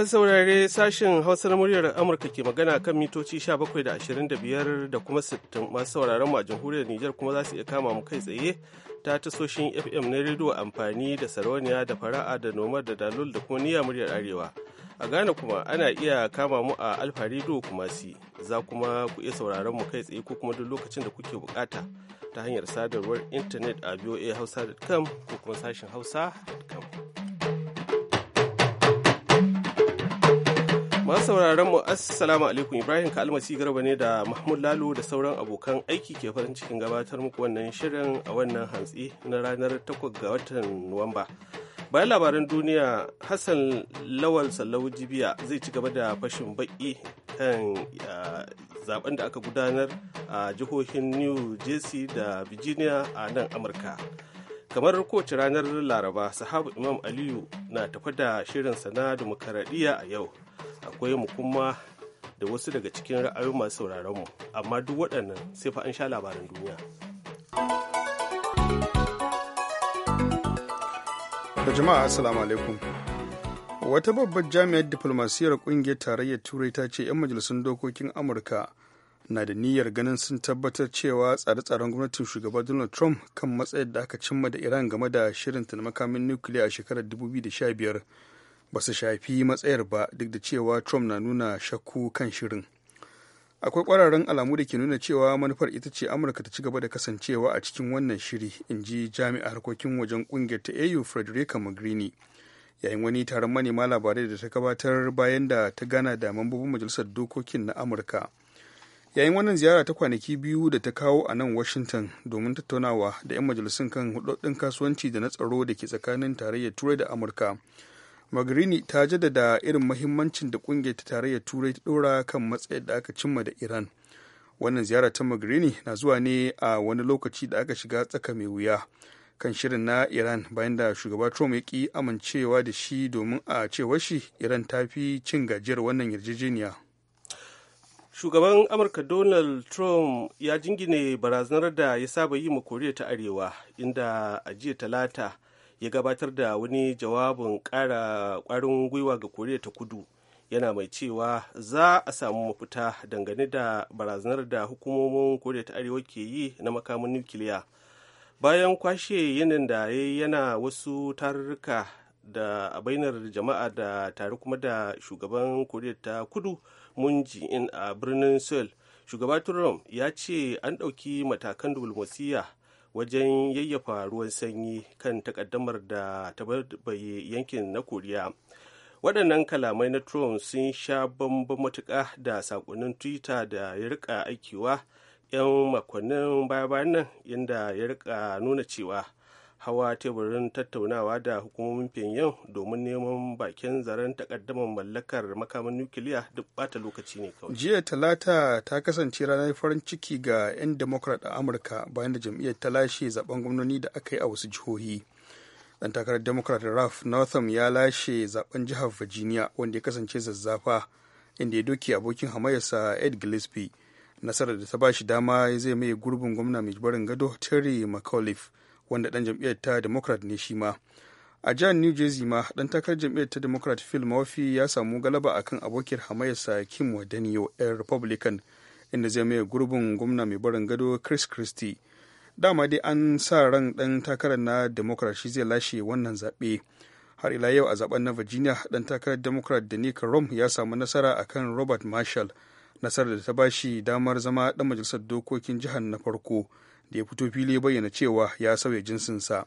masu saurare sashen Hausa na muryar Amurka ke magana kan mitoci 17 da 25 da kuma 60 masu sauraron mu a jamhuriyar Nijar kuma za su iya kama mu kai tsaye ta tasoshin FM na rediyo amfani da sarauniya da fara'a da noma da dalol da kuma niyyar muryar Arewa. A Ghana kuma ana iya kama mu a Alfa rediyo kuma si za kuma ku iya sauraron mu kai tsaye ko kuma duk lokacin da kuke bukata ta hanyar sadarwar intanet a voahausa.com ko kuma sashen hausa.com. Masu sauraron mu assalamu alaikum Ibrahim Kalmasi Garba ne da Mahmud Lalo da sauran abokan aiki ke farin cikin gabatar muku wannan shirin a wannan hantsi na ranar 8 ga watan Nuwamba. Bayan labaran duniya Hassan Lawal Sallawu Jibiya zai ci gaba da fashin baƙi kan zaben da aka gudanar a jihohin New Jersey da Virginia a nan Amurka. kamar kowace ranar laraba sahabu imam aliyu na tafi da shirin sana dimokuraɗiyya a yau akwai mu kuma da wasu daga cikin ra'ayoyin masu sauraron mu amma duk waɗannan sai fa an sha labaran duniya da jama'a assalamu alaikum wata babbar jami'ar diflomasiyyar kungiyar tarayyar turai ta ce 'yan majalisun dokokin amurka na da niyyar ganin sun tabbatar cewa tsare-tsaren gwamnatin shugaba donald trump kan matsayar da aka cimma da iran game da shirin na makamin nukiliya a shekarar 2015 ba su shafi matsayar ba duk da cewa trump na nuna shakku kan shirin akwai kwararan alamu da ke nuna cewa manufar ita ce amurka ta ci gaba da kasancewa a cikin wannan shiri in ji jami'a harkokin wajen kungiyar ta au frederica magrini yayin wani taron manema labarai da ta gabatar bayan da ta gana da mambobin majalisar dokokin na amurka yayin wannan ziyara ta kwanaki biyu da ta kawo a nan washington domin tattaunawa da 'yan majalisun kan hudodin kasuwanci da na tsaro da ke tsakanin tarayyar turai da amurka Magrini ta jaddada irin mahimmancin da kungiyar ta tarayyar turai ta dora kan matsayar da aka cimma da Iran. Wannan ziyara ta Magrini na zuwa ne a wani lokaci da aka shiga tsaka mai wuya kan shirin na Iran bayan da shugaba Trump ya ki amincewa da shi domin a cewar shi Iran ta fi cin gajiyar wannan yarjejeniya. shugaban amurka donald trump ya jingine barazanar da ya saba yi ma koriya ta arewa inda a jiya talata ya gabatar da wani jawabin ƙara ƙwarin gwiwa ga koriya ta kudu yana mai cewa za a samu mafita dangane da barazanar da hukumomin koriya ta arewa ke yi na makamin nukiliya bayan kwashe yanayin da ya yana wasu tarurruka da bainar jama'a da tare kuma da shugaban koriya ta kudu mun in a birnin seoul shugaba trump ya ce an ɗauki matakan diflomasiyya wajen yayyafa ruwan sanyi kan takaddamar da ta barbaye yankin na koriya waɗannan kalamai na trump sun sha bamban matuƙa da saƙonnin twitter da ya rika aikiwa 'yan makonnin baya-bayan nan inda ya rika nuna cewa hawa teburin tattaunawa da hukumomin pyongyang domin neman bakin zaren takaddamar mallakar makaman nukiliya duk bata lokaci ne kawai jiya talata ta kasance ranar farin ciki ga 'yan democrat a amurka bayan da jam'iyyar ta lashe zaben gwamnoni da aka yi a wasu jihohi dan takarar democrat ralph northam ya lashe zaben jihar virginia wanda ya kasance zazzafa inda ya doke abokin hamayarsa ed gillespie nasarar da ta ba shi dama zai maye gurbin gwamna mai barin gado terry mcauliffe wanda dan jam'iyyar ta democrat ne shi ma a jihar new jersey ma dan takarar jam'iyyar ta democrat phil murphy ya samu galaba akan abokin hamayarsa kim wadaniyo 'yan republican inda zai maye gurbin gwamna mai barin gado chris christie dama dai an sa ran dan takarar na democrat shi zai lashe wannan zaɓe har ila yau a zaben na virginia dan takarar democrat da nick rom ya samu nasara akan robert marshall nasarar da ta ba shi damar zama ɗan majalisar dokokin jihar na farko da ya fito fili bayyana cewa ya sauya jinsinsa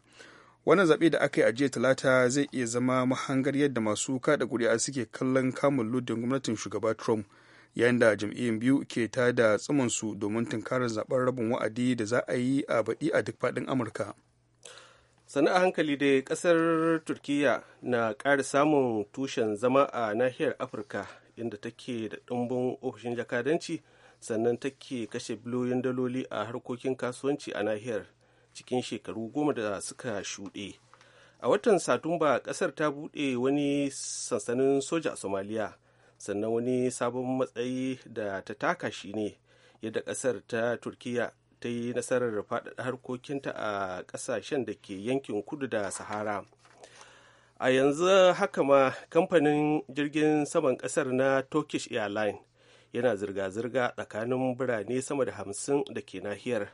wannan zaɓe da aka yi a jiya talata zai iya zama mahangar yadda masu kada kuri'a suke kallon kamun ludin gwamnatin shugaba trump yayin da jam'iyyun biyu ke ta tada su domin tunkarar zaɓen rabin wa'adi da za a yi a baɗi a duk faɗin amurka sana a hankali da ƙasar turkiyya na ƙara samun tushen zama a nahiyar afirka inda take da ɗumbin ofishin jakadanci sannan take kashe biliyoyin daloli a harkokin kasuwanci a nahiyar cikin shekaru goma da suka shuɗe a watan satumba ƙasar ta buɗe wani sansanin soja a somaliya sannan wani sabon matsayi da ta taka shi ne yadda ƙasar ta turkiya ta yi nasarar faɗaɗa harkokinta a ƙasashen da ke yankin kudu da sahara a yanzu haka ma kamfanin jirgin saman ƙasar na turkish airlines yana zirga-zirga tsakanin birane sama da hamsin da ke nahiyar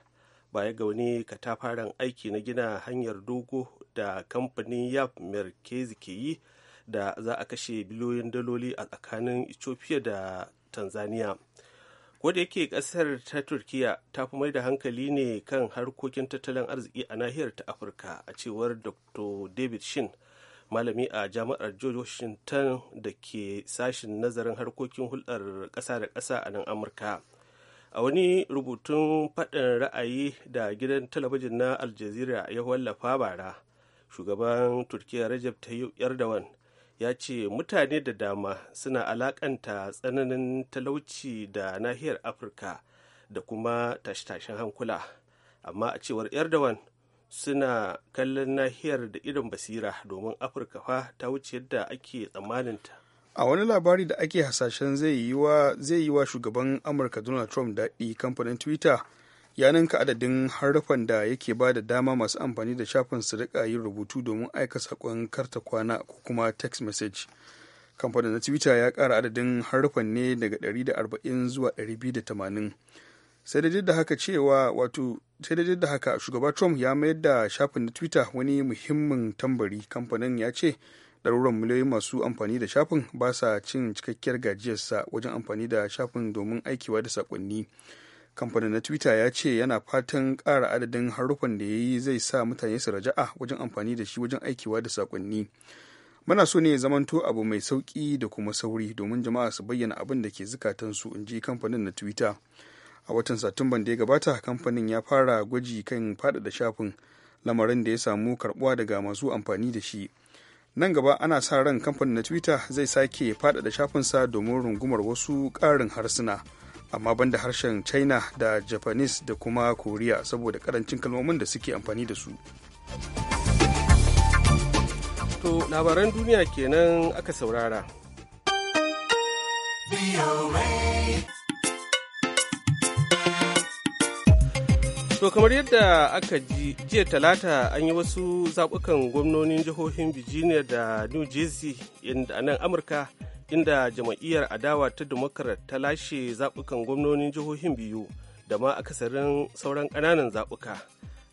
baya ga wani katafaren aiki na gina hanyar dogo da kamfanin yap merkezi ke yi da za a kashe biliyoyin daloli a tsakanin ethiopia da tanzania da yake kasar ta turkiya ta fi mai da hankali ne kan harkokin tattalin arziki a nahiyar ta afirka a cewar dr david shin malami a jami'ar george washington da ke sashen nazarin harkokin hulɗar ƙasa da ƙasa a nan amurka a wani rubutun faɗin ra'ayi da gidan talabijin na aljazeera ya wallafa bara shugaban turkiya rajab tayyip erdogan ya ce mutane da dama suna alaƙanta tsananin talauci da nahiyar afirka da kuma tashe-tashen hankula amma a cewar erdogan suna kallon nahiyar da irin basira domin afirka fa ta wuce yadda ake tsammaninta a wani labari da ake hasashen zai yi wa shugaban amurka donald trump daɗi kamfanin twitter ya ninka adadin harufan da yake ba da dama masu amfani da shafin su rika yin rubutu domin aika saƙon karta kwana ko kuma text message kamfanin na twitter ya ƙara adadin harufan ne daga 140 zuwa 280 sai da da haka cewa wato sai dai da haka shugaba trump ya mayar da shafin na twitter wani muhimmin tambari kamfanin ya ce ɗaruran miliyoyin masu amfani da shafin ba sa cin cikakkiyar gajiyarsa wajen amfani da shafin domin aikiwa da sakonni kamfanin na twitter ya ce yana fatan ƙara adadin haruffan da ya yi zai sa mutane su raja'a wajen amfani da shi wajen aikiwa da sakonni muna so ne zamanto abu mai sauƙi da kuma sauri domin jama'a su bayyana abin da ke zukatansu in ji kamfanin na twitter a watan satumban da ya gabata kamfanin ya fara gwaji kan faɗaɗa shafin lamarin da ya samu karbuwa daga masu amfani da shi nan gaba ana sa ran kamfanin na twitter zai sake faɗaɗa shafinsa domin rungumar wasu ƙarin harsuna amma banda harshen china da japanese da kuma korea saboda karancin kalmomin da suke amfani da su to labaran duniya kenan aka saurara. To kamar yadda aka ji jiya talata an yi wasu zaɓukan gwamnonin jihohin Virginia da New Jersey a nan Amurka inda jama'iyyar adawa ta Democrat ta lashe zaɓukan gwamnonin jihohin biyu da ma akasarin sauran ƙananan zaɓuka.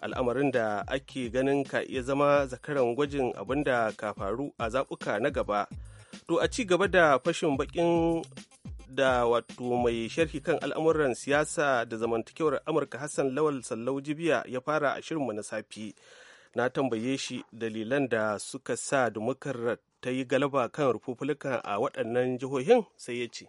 Al'amarin da ake ganin ka iya zama zakaran gwajin abin da ka faru a zaɓuka na gaba. To a ci gaba da fashin baƙin da wato mai sharhi kan al'amuran siyasa da zamantakewar amurka hassan lawal sallau jibiya ya fara a shirinmu na safi na tambaye shi dalilan da suka sa dumukar ta yi galaba kan rufufulka a waɗannan jihohin sai ya ce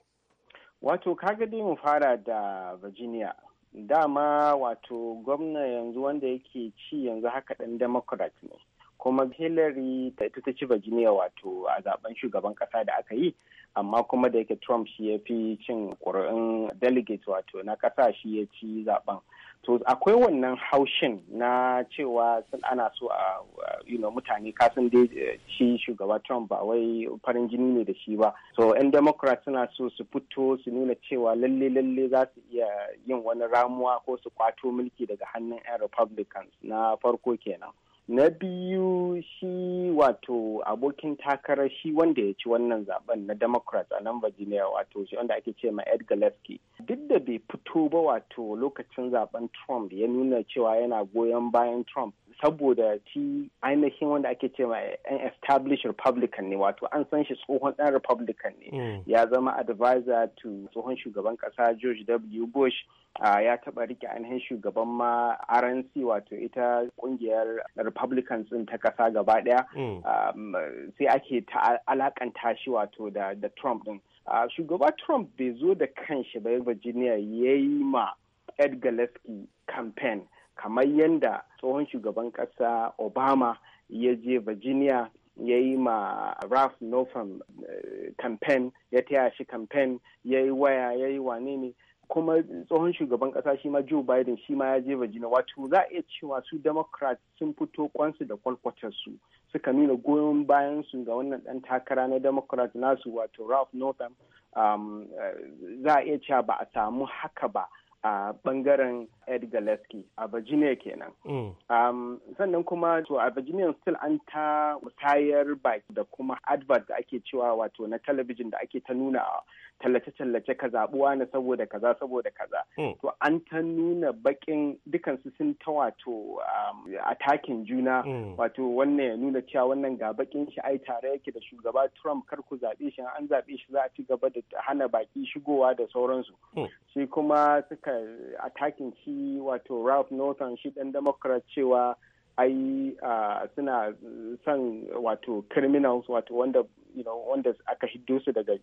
wato kaga dai mu fara da virginia dama wato gwamna yanzu wanda yake ci yanzu haka ɗan democrat ne kuma hillary ita ta ci virginia wato a zaben shugaban ƙasa da aka yi amma kuma da yake trump shi ya fi cin ƙuri'un delegate wato na ƙasa shi ya ci zaben to akwai wannan haushin na cewa sun ana so a uh, you know mutane kasan dai uh, shi shugaba trump ba wai farin jini ne da shi ba so yan democrat suna so su fito su nuna cewa lalle lalle za su iya yin wani ramuwa ko su kwato mulki daga hannun yan republicans na farko kenan na biyu shi wato abokin takara shi wanda ya ci wannan zaben na democrats a nan virginia wato shi wanda ake ce ma ed gillespie duk da bai fito ba wato lokacin zaben trump ya nuna cewa yana goyon bayan trump saboda shi ainihin wanda ake ce ma an established republican ne wato an san shi tsohon dan republican ne hmm. ya zama advisor to tsohon shugaban kasa george w bush ya taba rike ainihin shugaban ma rnc wato ita kungiyar republicans ɗin ta ƙasa gaba ɗaya mm. um, sai ake ta alakanta shi wato da trump ɗin. Uh, shugaba trump bai zo da kanshi bai virginia ya yi ma ed gillespie campaign kamar yadda tsohon shugaban ƙasa obama ya je virginia ya yi ma ralph northam uh, campaign ya taya shi campaign ya yi waya ya yi wane ne kuma tsohon shugaban kasa shi ma Joe Biden shi ma ya je Virginia wato za a iya cewa su Democrats sun fito kwansu da kwalkwatarsu suka nuna goyon bayan su ga wannan dan takara na Democrat nasu wato Ralph Northam um, eh, za a iya cewa ba a samu haka ba a bangaren Ed Gillespie a Virginia kenan. Mm. Um, sannan kuma to a Virginia still an ta musayar bike da kuma advert da ake cewa wato na talabijin da ake ta nuna tallace-tallace ka zaɓuwa na saboda kaza saboda kaza hmm. to an ta nuna bakin dukansu sun ta wato um, a takin juna hmm. wato wannan ya nuna cewa wannan ga bakin shi ai tare yake da shugaba trump kar ku zaɓe shi an zaɓe shi za a ci gaba da hana baki shigowa da sauransu hmm. shi kuma suka a takin shi wato ralph northern shi dan democrat cewa ai uh, suna son wato criminals wato wanda wanda aka hiddo su daga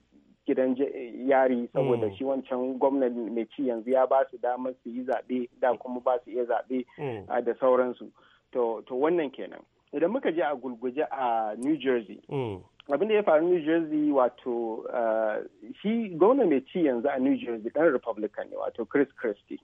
gidan yari saboda mm. shi wancan gwamnati mai ci yanzu ya ba su damar su yi zaɓe da kuma ba su iya zaɓe mm. da sauransu to wannan kenan idan muka je a gulguje a new jersey mm. abin da ya faru new jersey wato shi gwamna mai ci yanzu a new jersey dan republican ne wato chris christie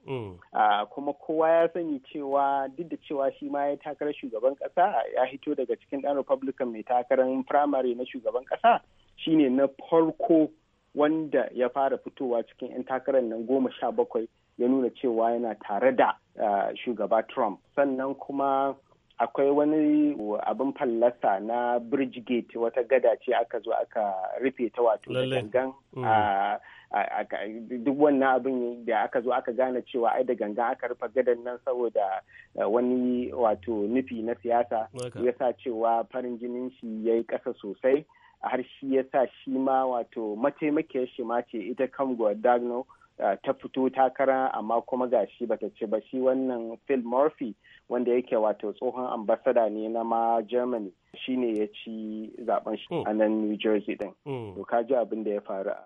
kuma kowa ya sani cewa duk da cewa shi ma ya takarar shugaban kasa ya hito daga cikin dan republican mai takarar primary na shugaban kasa shine na farko wanda ya fara fitowa cikin 'yan takarar nan goma sha bakwai ya nuna cewa yana tare da eh, shugaba Trump. Sannan kuma akwai wani abin fallasa na Bridgegate wata gada ce aka zo aka rufe ta wato da gangan mm. duk wannan abin da aka zo aka gane cewa ai da gangan aka rufe gadan nan saboda eh, wani wato nufi na siyasa ya sa cewa farin jinin shi ya yi ƙasa sosai. har shi ya sa shi ma wato mataimakiyar shi ma ce ita kan Guadagno uh, ta fito takara amma kuma ga shi bata ci ba shi wannan Phil Murphy wanda yake wato tsohon ambasada ne na ma Germany shi ne ya ci zaben shi hmm. a nan New Jersey din. Hmm. To ka ji abin da ya faru.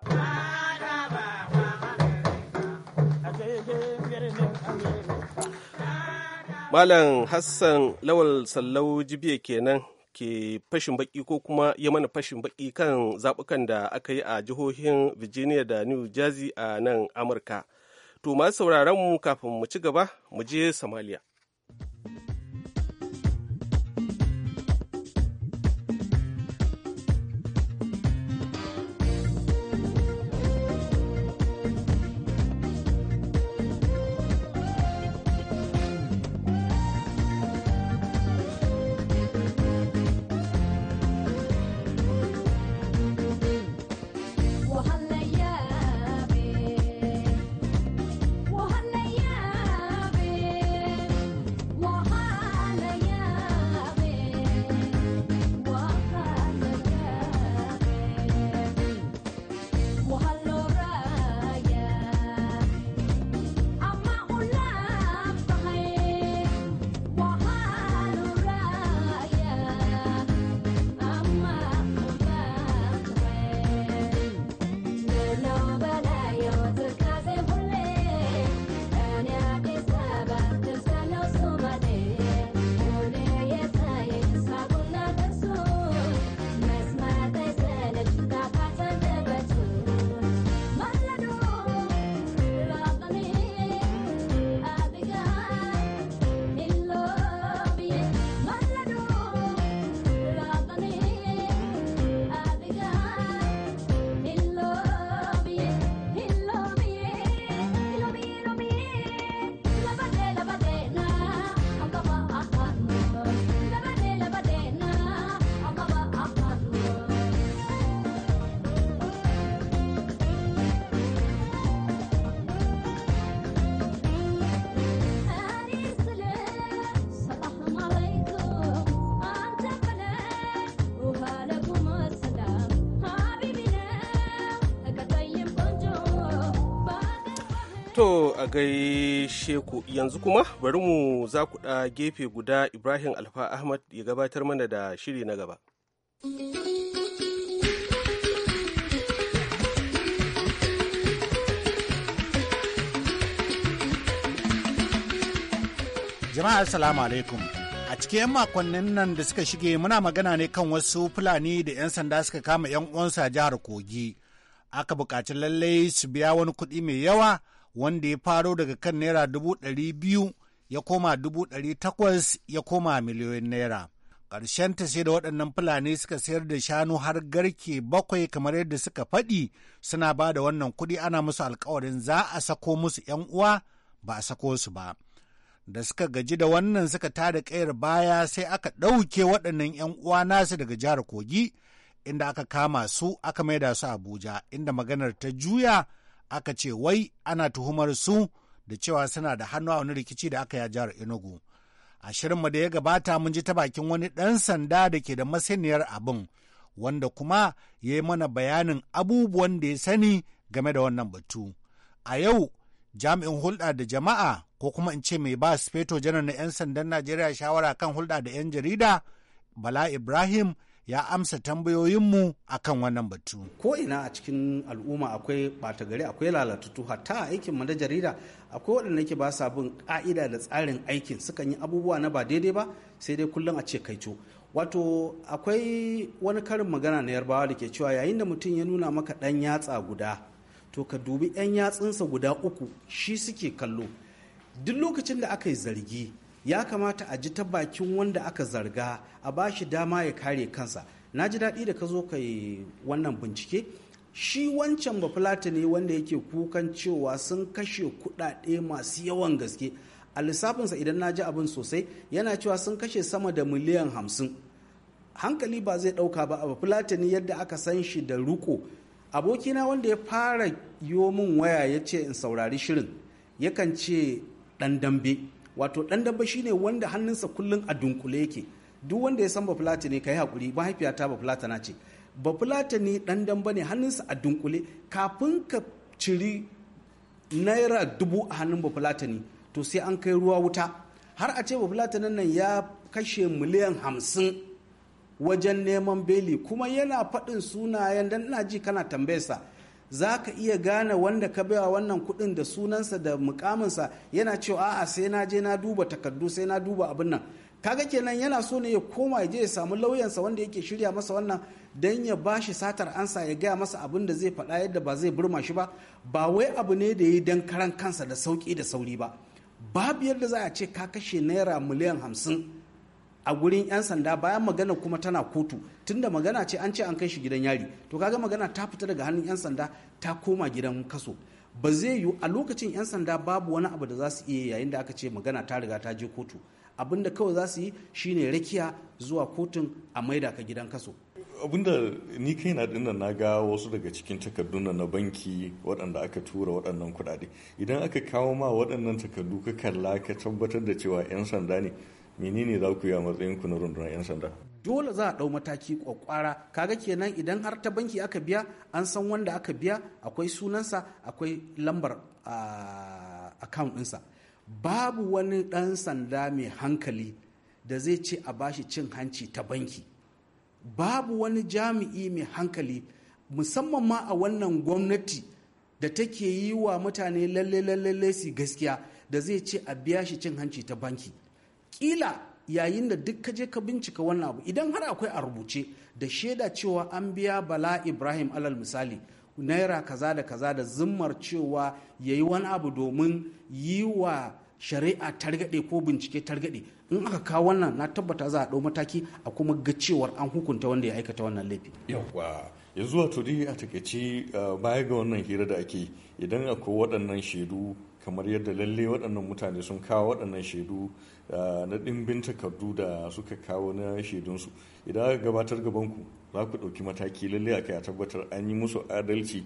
Malam Hassan Lawal Sallau Jibiya kenan ke fashin baki ko kuma ya mana fashin baki kan zaɓukan da aka yi a jihohin Virginia da New Jersey a nan Amurka. To masu sauraron mu kafin mu ci gaba mu je Somalia. To a gaishe ku yanzu kuma bari mu za ku ɗa gefe guda Ibrahim Alfa Ahmad ya gabatar mana da shiri na gaba. Jama'a salamu alaikum. A cikin 'yan makonnin nan da suka shige muna magana ne kan wasu Fulani da 'yan sanda suka kama 'yan uwansu a jihar Kogi. Aka buƙaci lallai su biya wani kuɗi mai yawa wanda ya faro daga kan naira dubu ɗari biyu ya koma dubu ɗari takwas ya koma miliyoyin naira. ta sai da waɗannan fulani suka sayar da shanu har garke bakwai kamar yadda suka faɗi suna ba da wannan kuɗi ana musu alkawarin za a sako musu 'yan uwa ba a sako su ba. Da suka gaji da wannan suka tada ƙayar baya sai aka ɗauke waɗannan 'yan uwa nasu daga jihar Kogi inda aka kama su aka maida su Abuja inda maganar ta juya aka ce wai ana tuhumar su da cewa suna da hannu a wani rikici da aka ya jihar Enugu. A shirinmu da ya gabata mun ji ta bakin wani ɗan sanda da ke da masaniyar abin wanda kuma ya yi mana bayanin abubuwan da ya sani game da wannan batu. A yau jami'in hulɗa da jama'a ko kuma in ce mai ba feto janar na 'yan sandan Najeriya shawara kan hulɗa da 'yan jarida Bala Ibrahim ya amsa tambayoyinmu a kan wannan batu. Ko ina a cikin al'umma akwai ɓata gari akwai lalatutu hatta a aikin na jarida akwai waɗanda ke ba sa bin ƙa'ida da tsarin aikin sukan yi abubuwa na ba daidai ba sai dai kullum a ce kaico. Wato akwai wani karin magana na yarbawa da ke cewa yayin da mutum ya nuna maka ɗan yatsa guda to ka dubi 'yan yatsunsa guda uku shi suke kallo. Duk lokacin da aka yi zargi ya kamata a ji ta bakin wanda aka zarga a ba shi dama ya kare kansa na ji daɗi da ka zo ka yi wannan bincike shi wancan bafulata ne wanda yake kukan cewa sun kashe kuɗaɗe masu yawan gaske a lissafinsa idan na ji abin sosai yana cewa sun kashe sama da miliyan hamsin hankali ba zai ɗauka ba a bafulata ne yadda aka san shi da ruko abokina wanda ya fara yo min waya ya ce in saurari shirin yakan ce ɗan dambe wato dan dabba shine wanda hannunsa kullun a dunkule yake duk wanda ya san bafulata ne yi hakuri mahaifiyata bafulata na ce bafulata ne dan dabba ne hannunsa a dunkule kafin ka ciri naira dubu a hannun bafulata ne to sai an kai ruwa wuta har a ce bafulata nan ya kashe miliyan hamsin wajen neman beli kuma yana faɗin sunayen dan ina ji kana tambayarsa za ka iya gane wanda ka baiwa wannan kuɗin da sunansa da mukaminsa yana cewa a'a sai na je na duba takardu sai na duba abin nan kaga kenan yana so ne ya koma ya je ya samu lauyansa wanda yake shirya masa wannan don ya ba shi satar ansa ya gaya masa abin da zai faɗa yadda ba zai burma shi ba ba wai abu ne da ya yi don karan kansa da sauƙi da sauri ba babu yadda za a ce ka kashe naira miliyan hamsin a gurin 'yan sanda bayan magana kuma tana kotu tunda magana ce an ce an kai shi gidan yari to kaga magana ta fita daga hannun 'yan sanda ta koma gidan kaso ba zai yiwu a lokacin 'yan sanda babu wani abu da za su iya yayin da aka ce magana ta riga ta je kotu abin da kawai za su yi shine rakiya zuwa kotun a maida ka gidan kaso abinda ni kai na dinna na ga wasu daga cikin takardun na banki waɗanda aka tura waɗannan kuɗaɗe idan aka kawo ma waɗannan takardu ka kalla ka tabbatar da cewa 'yan sanda ne menene za ku yi a matsayin ku na rundunar 'yan sanda dole za a ɗau mataki kwakwara kaga kenan idan har ta banki aka biya an san wanda aka biya akwai sunansa akwai lambar account ɗinsa babu wani ɗan sanda mai hankali da zai ce a bashi cin hanci ta banki babu wani jami'i mai hankali musamman ma a wannan gwamnati da take yi wa mutane lalle lalle su gaskiya da zai ce a biya shi cin hanci ta banki kila yayin da duk ka je ka bincika wannan abu idan har akwai a rubuce da shaida cewa an biya bala ibrahim alal misali naira kaza da kaza da zimmar cewa ya yi wani abu domin yi wa shari'a targaɗe ko bincike targaɗe in aka kawo wannan na tabbata za a ɗau mataki a kuma ga cewar an hukunta wanda ya aikata wannan laifi yawwa ya zuwa to dai a takaici eh, baya ga wannan hira da ake idan akwai waɗannan shaidu kamar yadda lalle waɗannan mutane sun kawo waɗannan shaidu ah, na ɗimbin takardu da suka kawo na shaidunsu idan aka gabatar gabanku za ku ɗauki mataki lalle a kai tabbatar an yi musu adalci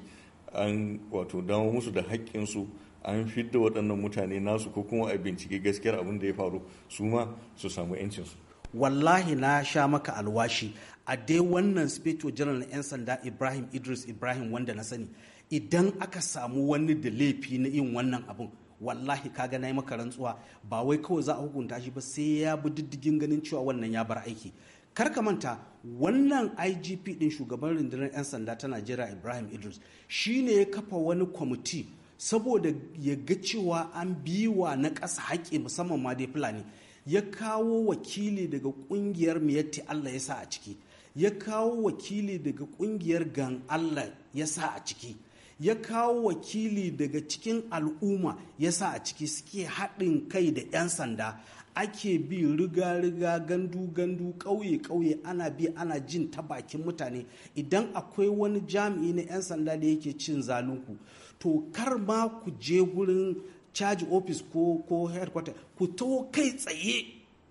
an wato dawo musu da haƙƙinsu an fidda waɗannan mutane nasu ko kuma a bincike gaskiyar abin da ya faru su ma su samu 'yancinsu wallahi na sha maka alwashi a dai wannan speto general 'yan sanda ibrahim idris ibrahim wanda na sani idan aka samu wani da laifi na yin wannan abun wallahi kaga na yi maka rantsuwa ba wai kawai za a hukunta shi ba sai ya bi diddigin ganin cewa wannan ya bar aiki kar ka manta wannan igp din shugaban rundunar 'yan sanda ta najeriya ibrahim idris shi ne ya kafa wani kwamiti saboda ya ga cewa an biwa na ƙasa haƙƙi musamman ma dai fulani ya kawo wakili daga ƙungiyar miyatti allah ya sa a ciki ya kawo wakili daga ƙungiyar gan allah ya sa a ciki ya kawo wakili daga cikin al'umma ya sa a ciki suke haɗin kai da 'yan sanda ake bi riga-riga gandu-gandu ƙauye-ƙauye ana bi ana jin ta bakin mutane idan akwai wani jami'i na 'yan sanda da yake cin zalunku to kar ma ku je gurin caji ofis ko ko headquarter ku taho kai tsaye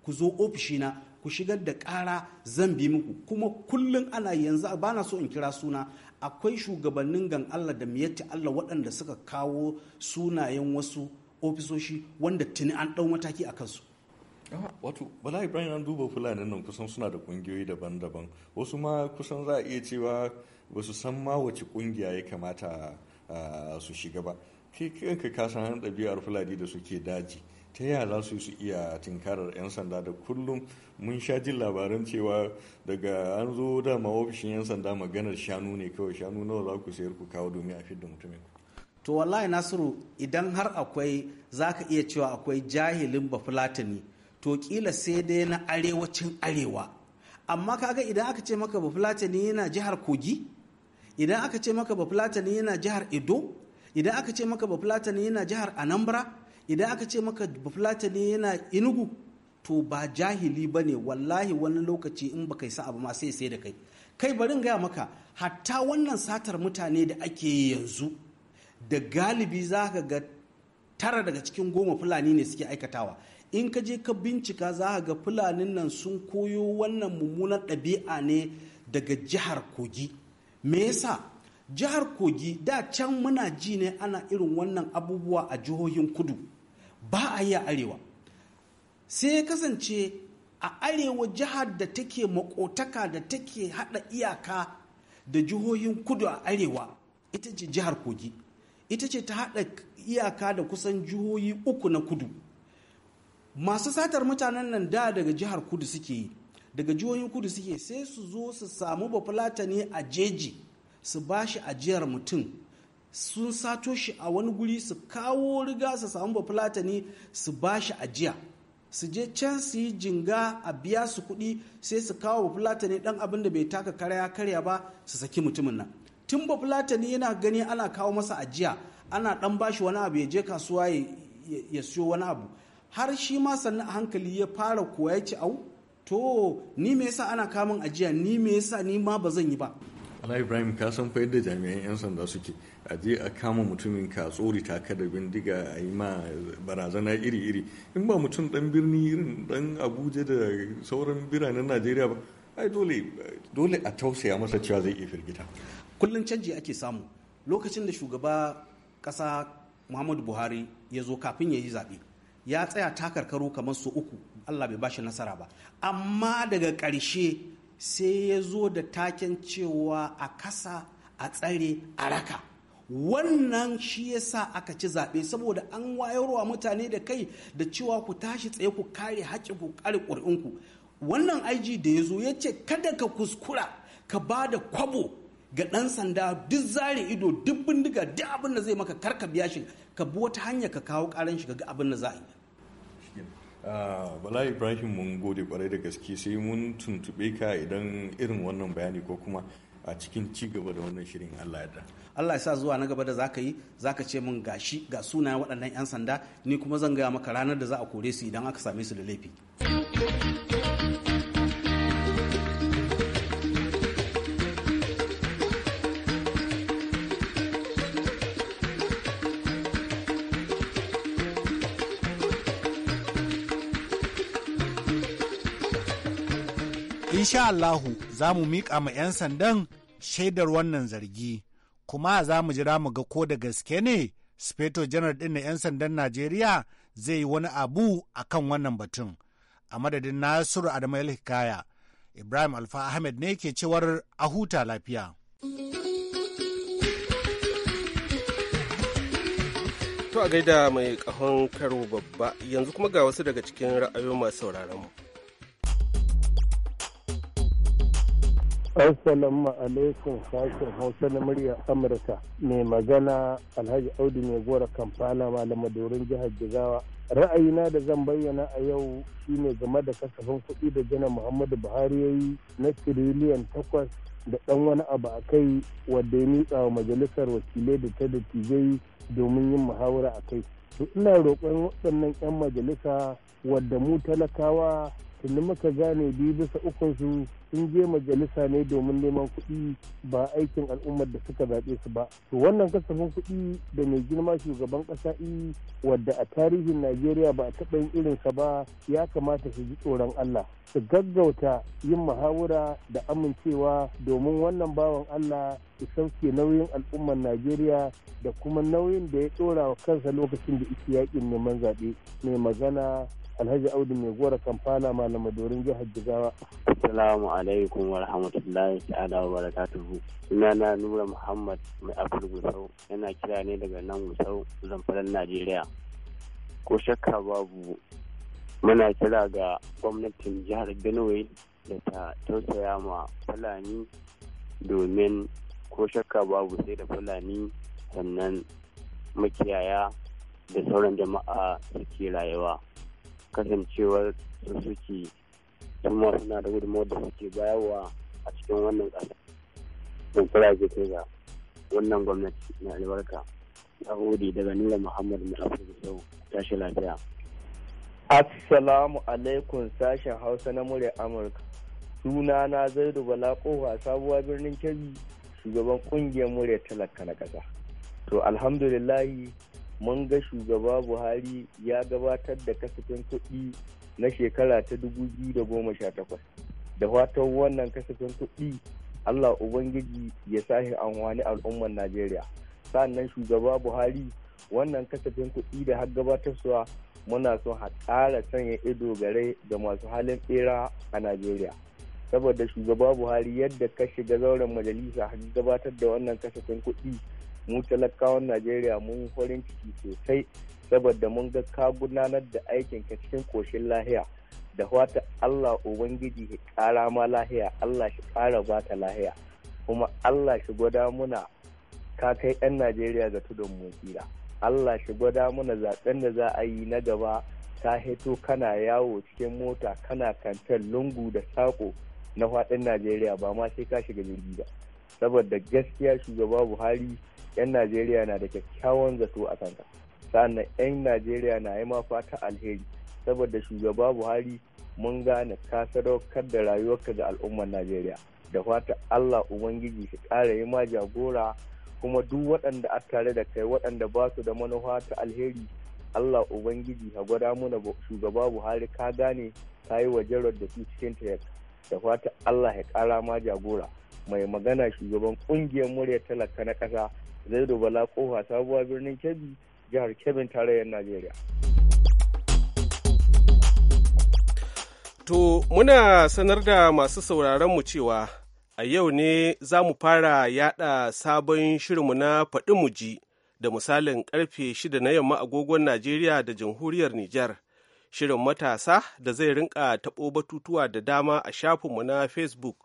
ku zo ofishina ku shigar da ƙara zan bi muku kuma kullum ana yanzu ba na so in kira suna akwai shugabannin gan Allah da miyatti Allah waɗanda suka kawo sunayen wasu ofisoshi wanda tuni an ɗau mataki a kansu wato bala ibrahim an duba fulani nan kusan suna da kungiyoyi daban-daban wasu ma kusan za a iya cewa ba su san ma wace kungiya ya kamata ah, su shiga ba kai kanka ka san ɗabi'ar fulani da suke daji ta yaya za su iya tinkarar 'yan sanda da kullum mun sha jin labaran cewa daga an zo dama ofishin 'yan sanda maganar shanu ne kawai shanu nawa za ku sayar ku kawo domin a fidda mutumin to wallahi nasiru idan har akwai za ka iya cewa akwai jahilin bafulatani to kila sai dai na arewacin arewa amma kaga idan aka ce maka bafulatani yana jihar kogi idan aka ce maka bafulatani yana jihar edo idan aka ce maka bafulatani yana jihar anambra idan aka ce maka ne yana inugu to ba jahili ba ne wallahi wani lokaci in baka yi sa'a ma sai sai da kai kai barin gaya maka hatta wannan satar mutane da ake yanzu da galibi za ka ga tara daga cikin goma fulani ne suke aikatawa in ka je ka bincika za ka ga fulanin nan sun koyo wannan mummunar ɗabi'a ne daga jihar kogi me yasa jihar kogi da can muna ji ne ana irin wannan abubuwa a jihohin kudu ba a yi a arewa sai ya kasance a arewa jihar da take makotaka da take hada iyaka da jihohin kudu a arewa ita ce jihar kogi ita ce ta hada iyaka da kusan jihohi uku na kudu masu satar mutanen nan da daga jihar kudu suke yi daga jihohin kudu suke sai su zo su samu bafulatani a jeji su bashi ajiyar mutum sun sato shi a wani guri su kawo riga su samu bafulatani su ba shi ajiya su je can su yi jinga a biya su kuɗi sai su kawo bafulatani ɗan abin da bai taka karya karya ba su saki mutumin nan tun bafulatani yana gani ana kawo masa ajiya ana ɗan ba shi wani abu ya je kasuwa ya siyo wani abu har shi ma sannan a hankali ya fara koya ci au to ni me yasa ana kamun ajiya ni me yasa ni ma ba zan yi ba wani ibrahim ka san fayar da jami'an yan sanda suke a je a kama mutumin ka tsori taka da bindiga a yi ma barazana iri-iri in ba mutum dan birni irin dan abuja da sauran biranen najeriya ba ai dole a tausaya masa cewa zai iya firgita kullum canji ake samu lokacin da shugaba kasa muhammadu buhari ya zo kafin ya yi zaɓe ya tsaya takarkaru kamar su uku allah bai bashi nasara ba amma daga ƙarshe sai ya zo da taken cewa a kasa a tsare a raka wannan shi yasa aka ci zaɓe saboda an wayarwa mutane da kai da cewa ku tashi tsaye ku kare haƙƙin ku kare ƙuri'unku wannan IG da ya zo ya ce kada ka kuskura ka ba da kwabo ga ɗan sanda duk zare ido duk bindiga duk abin da zai maka karka biya shi ka bi wata hanya ka kawo ƙaran shi ga abin da za a yi bala ah, ibrahim mun gode kwarai da gaske sai mun tuntube ka idan irin wannan bayani ko kuma a cikin ci gaba da wannan shirin Allah ya Allah ya sa zuwa na gaba da zaka yi zaka ce mun gashi ga sunayen waɗannan 'yan sanda ni kuma zan gaya maka ranar da za a kore su idan aka same su da laifi. insha Allahu za mu miƙa ma 'yan sandan shaidar wannan zargi, kuma za mu jira mu ga ko da gaske ne Speto Janar ɗin na 'yan sandan Najeriya zai yi wani abu a kan wannan batun. A madadin Nasiru Adamu Hikaya, Ibrahim Alfa Ahmed ne ke cewar a huta lafiya. To a gaida mai kahon karo babba yanzu kuma ga wasu daga cikin ra'ayoyin masu sauraron mu. Assalamu alaikum sashen Hausa na murya Amurka mai magana Alhaji Audu mai gora kamfana malamadorin jihar Jigawa. Ra'ayina da zan bayyana a yau shine game da kasafin kuɗi da janar Muhammadu Buhari ya yi na tiriliyan takwas da ɗan wani abu a kai wadda ya miƙa wa majalisar wakilai da ta da dattijai domin yin muhawara a kai. To ina roƙon waɗannan 'yan majalisa wadda mu talakawa tunda muka gane biyu bisa ukun su sun je majalisa ne domin neman kuɗi ba aikin al'ummar da suka zaɓe su ba to wannan kasafin kuɗi da mai girma shugaban ƙasa i wadda a tarihin najeriya ba a taɓa yin irinsa ba ya kamata su ji tsoron allah su gaggauta yin muhawara da amincewa domin wannan bawan allah ya sauke nauyin al'ummar najeriya da kuma nauyin da ya ɗora wa kansa lokacin da ike yaƙin neman zaɓe mai magana alhaji audu mai gora kamfana malama dorin jihar jigawa assalamu alaikum wa rahmatullahi ta'ala wa barakatuhu sunana nura muhammad mai afir gusau yana kira ne daga nan gusau zamfaran najeriya ko shakka babu muna kira ga gwamnatin jihar benue da ta tausaya ma fulani domin ko shakka babu sai da fulani sannan makiyaya da sauran jama'a suke rayuwa kasancewar su suke kuma suna da gudunmawar da suke bayarwa a cikin wannan ƙasa don kira ke kai ga wannan gwamnati na albarka na hudu daga nura Muhammadu na afirka sau tashi lafiya assalamu alaikum sashen hausa na murya amurka suna na zaidu bala sabuwa birnin kebbi shugaban kungiyar murya talaka na ƙasa to alhamdulillahi mun ga shugaba buhari ya gabatar da kasafin kuɗi na shekara ta 2018 da fatan wannan kasafin kuɗi allah ubangiji ya sahi amfani al'ummar najeriya sannan shugaba buhari wannan kasafin kuɗi da har gabatar gabatarsuwa muna son a ƙara sanya ido gare da masu halin tsera a najeriya saboda shugaba buhari yadda ka shiga zauren majalisa har gabatar da wannan kasafin kuɗi mu talakawan najeriya mun farin ciki sosai saboda mun ga ka gudanar da aikin ka cikin koshin lahiya da wata allah ubangiji ya kara ma lahiya allah shi kara bata lahiya kuma allah shi gwada muna ka kai 'yan najeriya ga tudun motsira allah shi gwada muna zaben da za a yi na gaba ta hito kana yawo cikin mota kana kantar lungu da sako na faɗin najeriya ba ma sai ka shiga jirgi ba saboda gaskiya shugaba buhari 'yan najeriya na da kyakkyawan zato a kanka sa'annan 'yan najeriya na yi fata alheri saboda shugaba buhari mun gane ka sadaukar da rayuwarka ga al'ummar najeriya da fata allah ubangiji ka kara yi ma jagora kuma duk waɗanda a tare da kai waɗanda ba su da manufa ta alheri allah ubangiji ka gwada mana shugaba buhari ka gane ka yi wa jarar da su cikin ta da fata allah ya kara ma jagora mai magana shugaban ƙungiyar murya talaka na ƙasa zaido bala kofa sabuwa birnin kebbi jihar kebbin tarayyar najeriya to muna sanar da masu sauraron mu cewa a yau ne za mu fara yada sabon shirinmu na faɗi mu ji da misalin karfe shida na yamma agogon najeriya da jamhuriyar nijar shirin matasa da zai rinka taɓo batutuwa da dama a shafinmu na facebook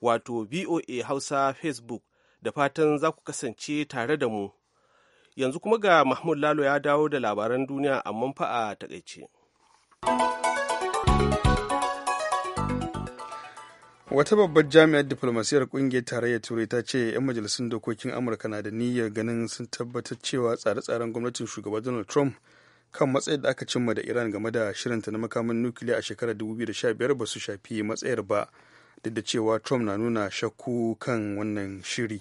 wato voa hausa facebook da fatan za ku kasance tare da mu. Yanzu kuma ga Mahmud Lalo ya dawo da labaran duniya a fa a takaice. Wata babbar jami'ar diflomasiyar kungiyar tarayyar Turai ta ce 'yan majalisun dokokin Amurka na da niyyar ganin sun tabbatar cewa tsare-tsaren gwamnatin shugaba Donald Trump kan matsayar da aka cimma da Iran game da shirinta na makamin nukiliya a shekarar 2015 ba su shafi matsayar ba duk da cewa Trump na nuna shakku kan wannan shiri.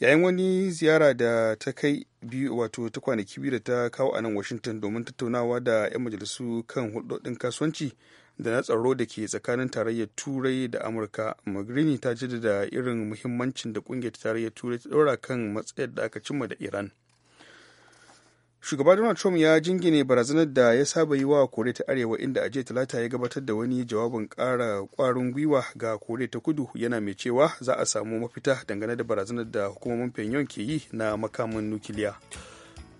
yayin wani ziyara da ta kai biyu wato ta kwanaki biyu da ta kawo a nan washington domin tattaunawa da 'yan majalisu kan hulɗoɗin kasuwanci da na tsaro da ke tsakanin tarayyar turai da amurka magrini ta jaddada irin muhimmancin da kungiyar tarayyar turai ta ɗora kan matsayar da aka cimma da iran shugaba donald trump ya jingine barazanar da ya saba yi wa kore ta arewa inda a jiya talata ya gabatar da wani jawabin kara kwarin gwiwa ga kore ta kudu yana mai cewa za a samu mafita dangane da barazanar da hukumomin pyongyang ke yi na makamin nukiliya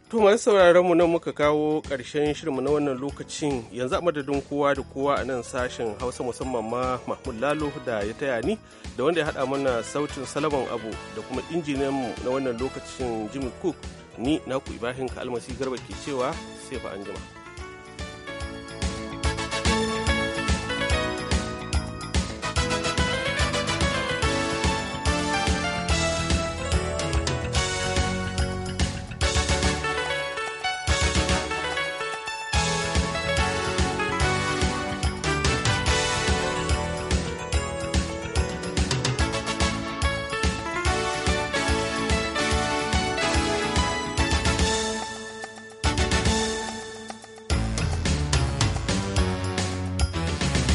To masu sauraron mu nan muka kawo ƙarshen shirinmu na wannan lokacin yanzu a madadin kowa da kowa a nan sashen Hausa musamman ma Mahmud Lalo da ya taya ni da wanda ya haɗa mana sautin Salaman Abu da kuma injiniyanmu na wannan lokacin Jimmy Cook ni naku ibrahim ka almasi garba ke cewa sai fa anjima.